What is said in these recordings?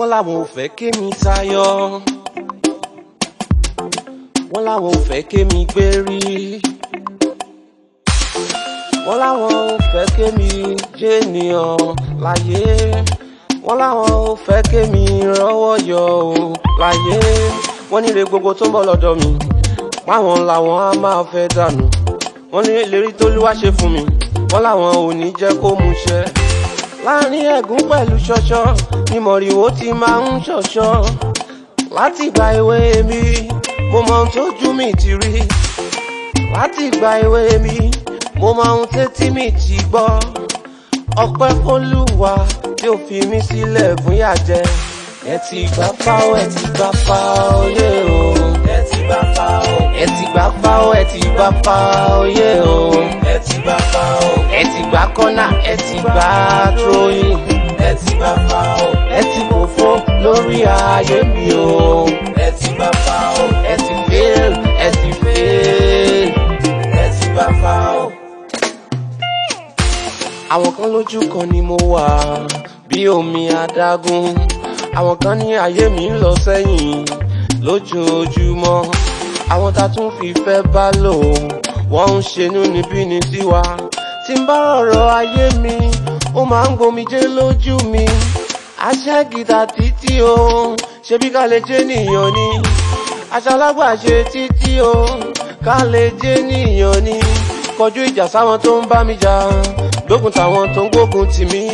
wọ́n láwọn ò fẹ́ kémi tayọ wọ́n láwọn ò fẹ́ kémi gbérí wọ́n láwọn ò fẹ́ kémi jẹ́nìyàn láyé wọ́n láwọn ò fẹ́ kémi rọ́wọ́ yọ o láyé wọ́n nílé gbogbo tó ń bọ̀ lọ́dọ̀ mi páwọn làwọn á máa fẹ́ dànù wọ́n ní ìlérí t'Olúwa ṣe fún mi wọ́n láwọn ò ní jẹ́ kó mú ṣẹ láàrin ẹ̀gún pẹ̀lú ṣọṣọ ni mọ̀rìwó ti máa ń ṣọ̀ṣọ́ láti gba ìwé mi mo mọ ohun tójú mi ti rí láti gba ìwé mi mo mọ ohun tétí mi ti gbọ́ ọpẹ́ kólúwa tí ó fi mí sílẹ̀ fún yàjẹ́ ẹ ti gbà pa ẹ ti gbà pa yé o ẹ ti gbà pa ẹ ti gbà pa ẹ ti gbà pa yé o ẹ ti gbà pa ẹ ti gbà kọ́nà ẹ ti gbà tróyìn ẹ ti gbà pa lórí ayé mi o. ẹ ti bá fa o. ẹ ti fail ẹ ti fail ẹ ti bá fa o. àwọn kan lójú kan ni mo wà bí omi adágún àwọn kan ní ayé mi ń lọ sẹ́yìn lójoojúmọ́ àwọn tá a tún fi fẹ́ bá lò wọ́n ń ṣenú níbí tiwa tí n bá rọ̀rọ̀ ayé mi ó máa ń gbomijé lójú mi aṣẹ́gìtà títí o ṣebí ká lè jẹ́ nìyàn ni aṣalágbàṣe títí o ká lè jẹ́ nìyàn ni kọjú ìjà sáwọn tó ń bá mi jà gbógun táwọn tó ń gbógun tì mí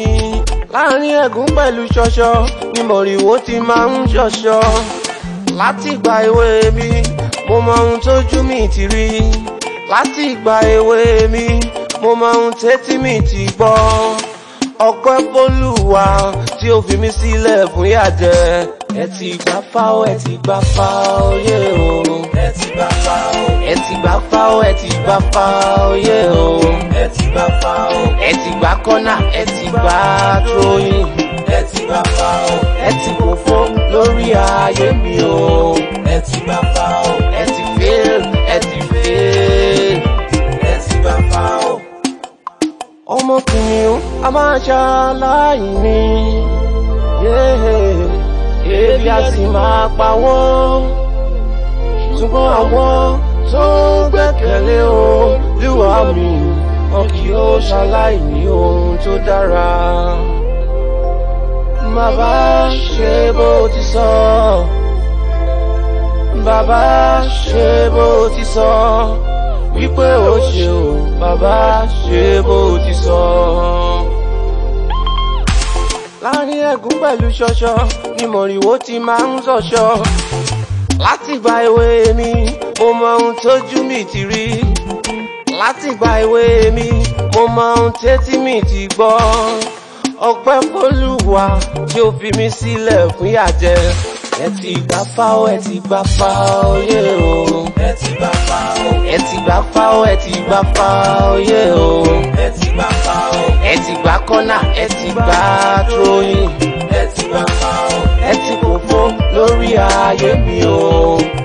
láàrin ẹ̀gún pẹ̀lú ṣọṣọ ni mọ̀rìwó ti máa ń ṣọṣọ láti ìgbà èwe mi mo mọ ohun tójú mi ti rí láti ìgbà èwe mi mo mọ ohun tẹ́tí mi ti gbọ́ ọpẹ́ pólùwà tí ó fi mí sílẹ̀ fún yàjẹ́. ẹ ti gbà fáwọ́ ẹ ti gbà fáwọ́ yé o. ẹ ti gbà fáwọ́. ẹ ti gbà fáwọ́ ẹ yé o. ẹ ti gbà fáwọ́. ẹ ti gbà kọ́nà ẹ ti gbà tróyìn. ẹ ti gbà fáwọ́. ẹ ti kòfó lórí ayé mi o. ẹ ti gbà fáwọ́. ẹ ti fail ẹ ti fail. ẹ ti gbà fáwọ́. ọmọkùnrin a máa ṣaláìní ebi àti máa pa wọ́n ṣùgbọ́n àwọn tó ń gbẹ́kẹ̀lé Olúwa mi wọn kì ó ṣaláìní ohun tó dára bàbá ṣe bó ti sọ bàbá ṣe bó ti sọ wípé ó ṣe o bàbá ṣe bó ti sọ láàrin ẹ̀gún pẹ̀lú ṣọṣọ ni mọ̀rìwó ti máa ń ṣọṣọ látìgbà èwe mi mo mọ ohun tójú mi ti rí látìgbà èwe mi mo mọ ohun tétí mi ti gbọ́ ọpẹ́ f'Olúwa tí ó fi mí sílẹ̀ fún ìyàjẹ ẹ ti gbà fá ó ẹ ti gbà fá ó yé o ẹ ti gbà fá ó ẹ ti gbà fá ó ẹ ti gbà fá ó yé o ẹ ti gbà fá ó ẹ ti gbà kọ́nà ẹ ti gbà tró. ayé mi o.